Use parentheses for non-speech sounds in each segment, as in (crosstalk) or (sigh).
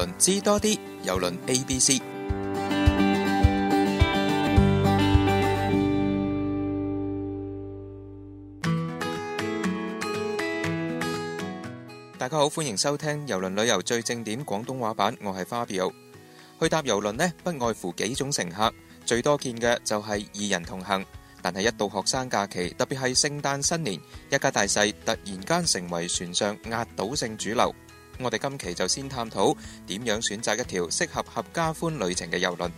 D, 輪知多啲，遊輪 ABC。大家好，歡迎收聽遊輪旅遊最正點廣東話版，我係花表。去搭遊輪呢，不外乎幾種乘客，最多見嘅就係二人同行。但係一到學生假期，特別係聖誕新年，一家大細突然間成為船上壓倒性主流。我哋今期就先探討點樣選擇一條適合合家歡旅程嘅遊輪。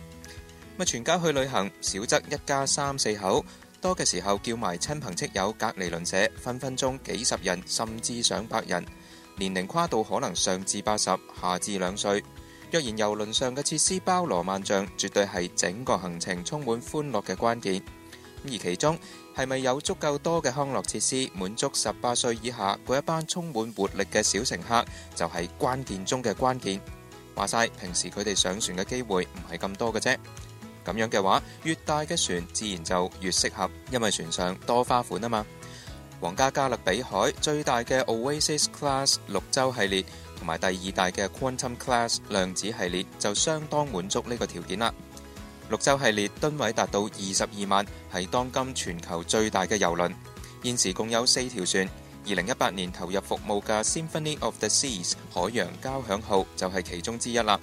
全家去旅行，少則一家三四口，多嘅時候叫埋親朋戚友、隔籬鄰舍，分分鐘幾十人甚至上百人，年齡跨度可能上至八十，下至兩歲。若然遊輪上嘅設施包羅萬象，絕對係整個行程充滿歡樂嘅關鍵。而其中係咪有足夠多嘅康樂設施，滿足十八歲以下嗰一班充滿活力嘅小乘客，就係關鍵中嘅關鍵。話晒，平時佢哋上船嘅機會唔係咁多嘅啫。咁樣嘅話，越大嘅船自然就越適合，因為船上多花款啊嘛。皇家加勒比海最大嘅 Oasis Class 綠洲系列，同埋第二大嘅 Quantum Class 量子系列，就相當滿足呢個條件啦。綠洲系列噸位達到二十二萬，係當今全球最大嘅遊輪。現時共有四條船，二零一八年投入服務嘅 Symphony of the Seas 海洋交響號就係其中之一啦。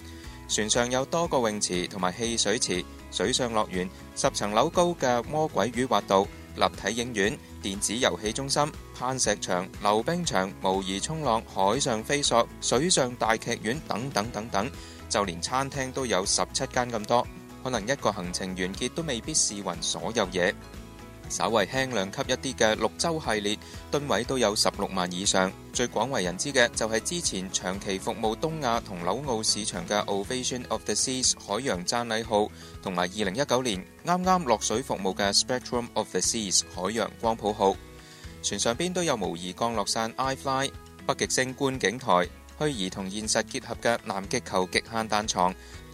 船上有多個泳池同埋汽水池、水上樂園、十層樓高嘅魔鬼魚滑道、立體影院、電子遊戲中心、攀石場、溜冰場、模擬衝浪、海上飛索、水上大劇院等等等等，就連餐廳都有十七間咁多。可能一個行程完結都未必試勻所有嘢，稍為輕量級一啲嘅綠洲系列，噸位都有十六萬以上。最廣為人知嘅就係之前長期服務東亞同紐澳市場嘅 Ovation of the Seas 海洋讚禮號，同埋二零一九年啱啱落水服務嘅 Spectrum of the Seas 海洋光譜號。船上邊都有模擬降落傘、iFly 北極星觀景台、虛擬同現實結合嘅南極球極限蛋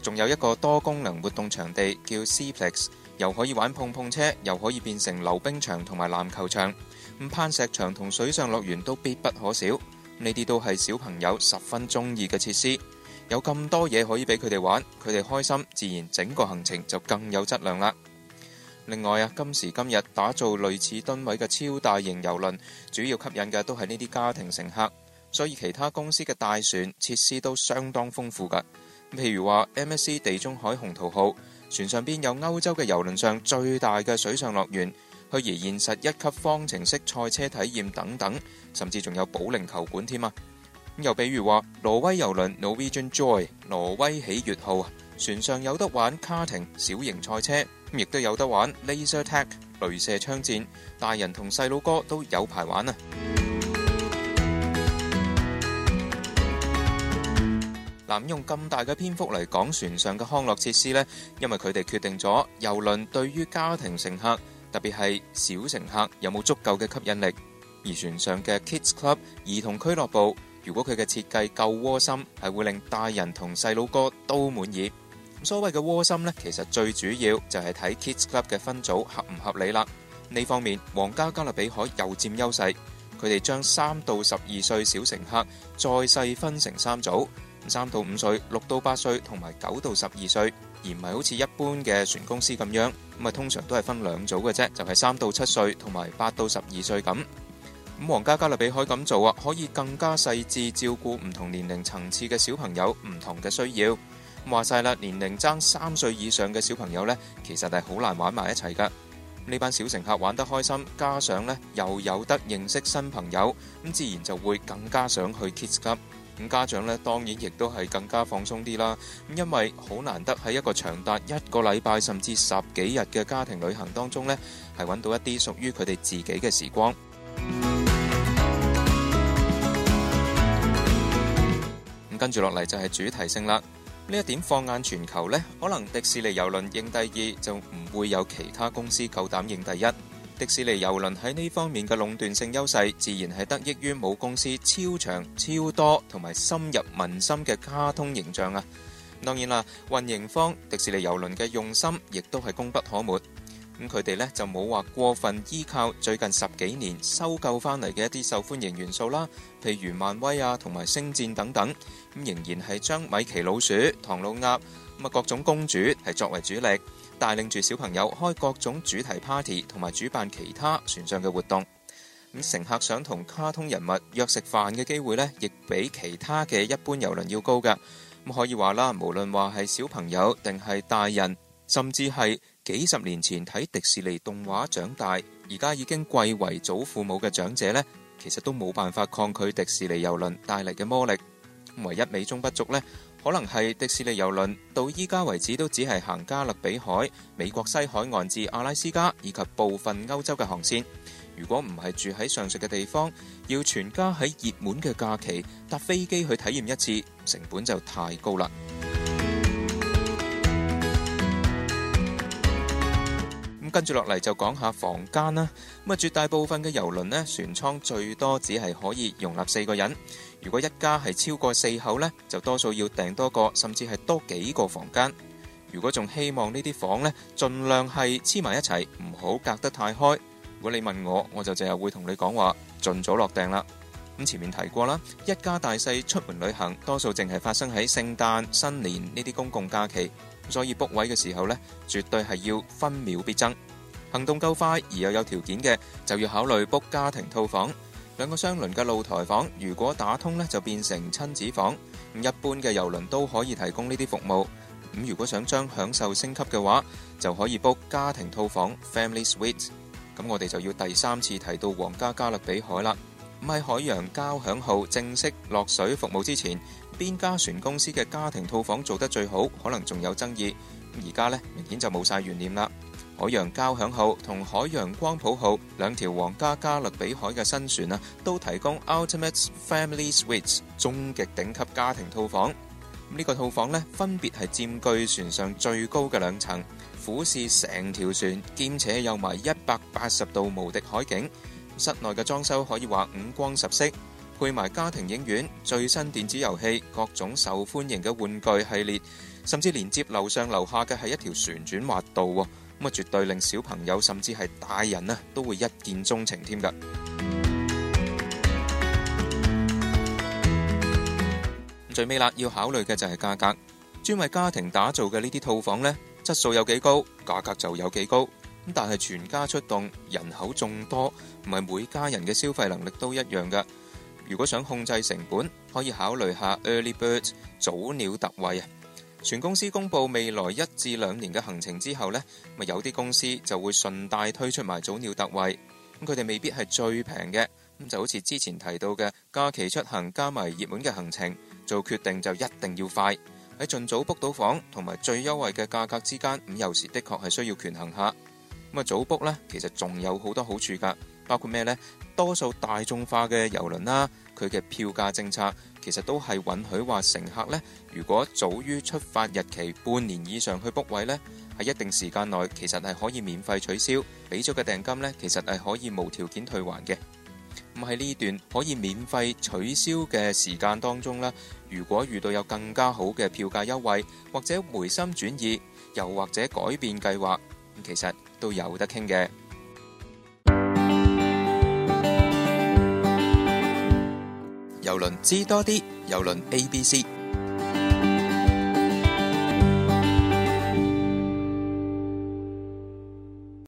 仲有一個多功能活動場地叫 SeaPlex，又可以玩碰碰車，又可以變成溜冰場同埋籃球場。咁攀石場同水上樂園都必不可少。呢啲都係小朋友十分中意嘅設施。有咁多嘢可以俾佢哋玩，佢哋開心，自然整個行程就更有質量啦。另外啊，今時今日打造類似噸位嘅超大型遊輪，主要吸引嘅都係呢啲家庭乘客，所以其他公司嘅大船設施都相當豐富噶。譬如話 MSC 地中海紅圖號，船上邊有歐洲嘅遊輪上最大嘅水上樂園，虛擬現實一級方程式賽車體驗等等，甚至仲有保齡球館添啊。又比如話挪威遊輪 Norwegian Joy 挪威喜悦號，船上有得玩 karting 小型賽車，亦都有得玩 laser tag 鐳射槍戰，大人同細佬哥都有排玩啊。嗱，用咁大嘅篇幅嚟講，船上嘅康樂設施咧，因為佢哋決定咗遊輪對於家庭乘客，特別係小乘客有冇足夠嘅吸引力。而船上嘅 Kids Club 兒童俱樂部，如果佢嘅設計夠窩心，係會令大人同細佬哥都滿意。所謂嘅窩心咧，其實最主要就係睇 Kids Club 嘅分組合唔合理啦。呢方面，皇家加勒比海又佔優勢，佢哋將三到十二歲小乘客再細分成三組。三到五歲、六到八歲同埋九到十二歲，而唔係好似一般嘅船公司咁樣，咁啊通常都係分兩組嘅啫，就係三到七歲同埋八到十二歲咁。咁皇家加勒比海咁做啊，可以更加細致照顧唔同年齡層次嘅小朋友唔同嘅需要。咁話晒啦，年齡差三歲以上嘅小朋友呢，其實係好難玩埋一齊噶。咁呢班小乘客玩得開心，加上呢又有得認識新朋友，咁自然就會更加想去 Kids Club。咁家長咧，當然亦都係更加放鬆啲啦，咁因為好難得喺一個長達一個禮拜甚至十幾日嘅家庭旅行當中呢，係揾到一啲屬於佢哋自己嘅時光。咁 (music) 跟住落嚟就係主題性啦。呢一點放眼全球呢，可能迪士尼遊輪認第二就唔會有其他公司夠膽認第一。迪士尼遊輪喺呢方面嘅壟斷性優勢，自然係得益於母公司超長、超多同埋深入民心嘅卡通形象啊！當然啦，運營方迪士尼遊輪嘅用心，亦都係功不可沒。咁佢哋呢就冇話過分依靠最近十幾年收購翻嚟嘅一啲受歡迎元素啦，譬如漫威啊同埋星戰等等。咁仍然係將米奇老鼠、唐老鴨，咁啊，各種公主係作為主力，帶領住小朋友開各種主題 party 同埋主辦其他船上嘅活動。咁乘客想同卡通人物約食飯嘅機會呢，亦比其他嘅一般遊輪要高㗎。咁可以話啦，無論話係小朋友定係大人，甚至係幾十年前睇迪士尼動畫長大，而家已經貴為祖父母嘅長者呢，其實都冇辦法抗拒迪士尼遊輪帶嚟嘅魔力。唯一美中不足呢，可能係迪士尼遊輪到依家為止都只係行加勒比海、美國西海岸至阿拉斯加以及部分歐洲嘅航線。如果唔係住喺上述嘅地方，要全家喺熱門嘅假期搭飛機去體驗一次，成本就太高啦。咁 (music) 跟住落嚟就講下房間啦。咁啊，絕大部分嘅遊輪呢，船艙最多只係可以容納四個人。如果一家係超過四口呢，就多數要訂多個，甚至係多幾個房間。如果仲希望呢啲房呢，盡量係黐埋一齊，唔好隔得太開。如果你問我，我就淨係會同你講話，盡早落訂啦。咁前面提過啦，一家大細出門旅行，多數淨係發生喺聖誕、新年呢啲公共假期，所以 book 位嘅時候呢，絕對係要分秒必爭，行動夠快而又有條件嘅，就要考慮 book 家庭套房。兩個相鄰嘅露台房，如果打通咧，就變成親子房。一般嘅遊輪都可以提供呢啲服務。咁如果想將享受升級嘅話，就可以 book 家庭套房 （family suite）。咁我哋就要第三次提到皇家加勒比海啦。喺海洋交響號正式落水服務之前，邊家船公司嘅家庭套房做得最好，可能仲有爭議。而家呢，明顯就冇晒懸念啦。海洋交響號同海洋光譜號兩條皇家加勒比海嘅新船啊，都提供 Ultimate Family Suites 終極頂級家庭套房。呢個套房呢，分別係佔據船上最高嘅兩層，俯視成條船，兼且有埋一百八十度無敵海景。室內嘅裝修可以話五光十色，配埋家庭影院、最新電子遊戲、各種受歡迎嘅玩具系列，甚至連接樓上樓下嘅係一條旋轉滑道。咁啊，絕對令小朋友甚至係大人都會一見鍾情添噶最尾啦，要考慮嘅就係價格。專為家庭打造嘅呢啲套房呢，質素有幾高，價格就有幾高。咁但係全家出動，人口眾多，唔係每家人嘅消費能力都一樣噶如果想控制成本，可以考慮一下 Early Birds 早鳥特惠啊。全公司公布未來一至兩年嘅行程之後呢，咪有啲公司就會順帶推出埋早鳥特惠。咁佢哋未必係最平嘅，咁就好似之前提到嘅假期出行加埋熱門嘅行程，做決定就一定要快，喺盡早 book 到房同埋最優惠嘅價格之間，咁有時的確係需要權衡下。咁啊早 book 呢其實仲有好多好處噶，包括咩呢？多數大眾化嘅郵輪啦。佢嘅票價政策其實都係允許話乘客呢，如果早於出發日期半年以上去 book 位呢，喺一定時間內其實係可以免費取消，俾咗嘅訂金呢，其實係可以無條件退還嘅。噉喺呢段可以免費取消嘅時間當中呢，如果遇到有更加好嘅票價優惠，或者回心轉意，又或者改變計劃，其實都有得傾嘅。遊輪知多啲，遊輪 ABC。